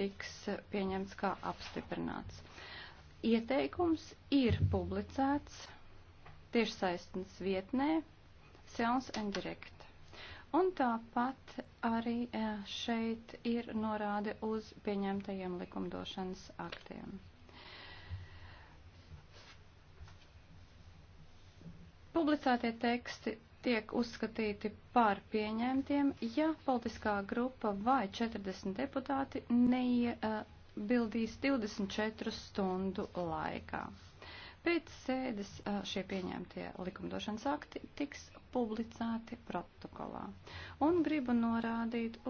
tiks pieņemts kā apstiprināts. Ieteikums ir publicēts tiešsaistnes vietnē Seans and Direct. Un tāpat arī e, šeit ir norāde uz pieņemtajiem likumdošanas aktiem. Publicētie teksti tiek uzskatīti par pieņemtiem, ja politiskā grupa vai 40 deputāti neiebildīs 24 stundu laikā. Pēc sēdes šie pieņemtie likumdošanas akti tiks publicēti protokolā. Un gribu norādīt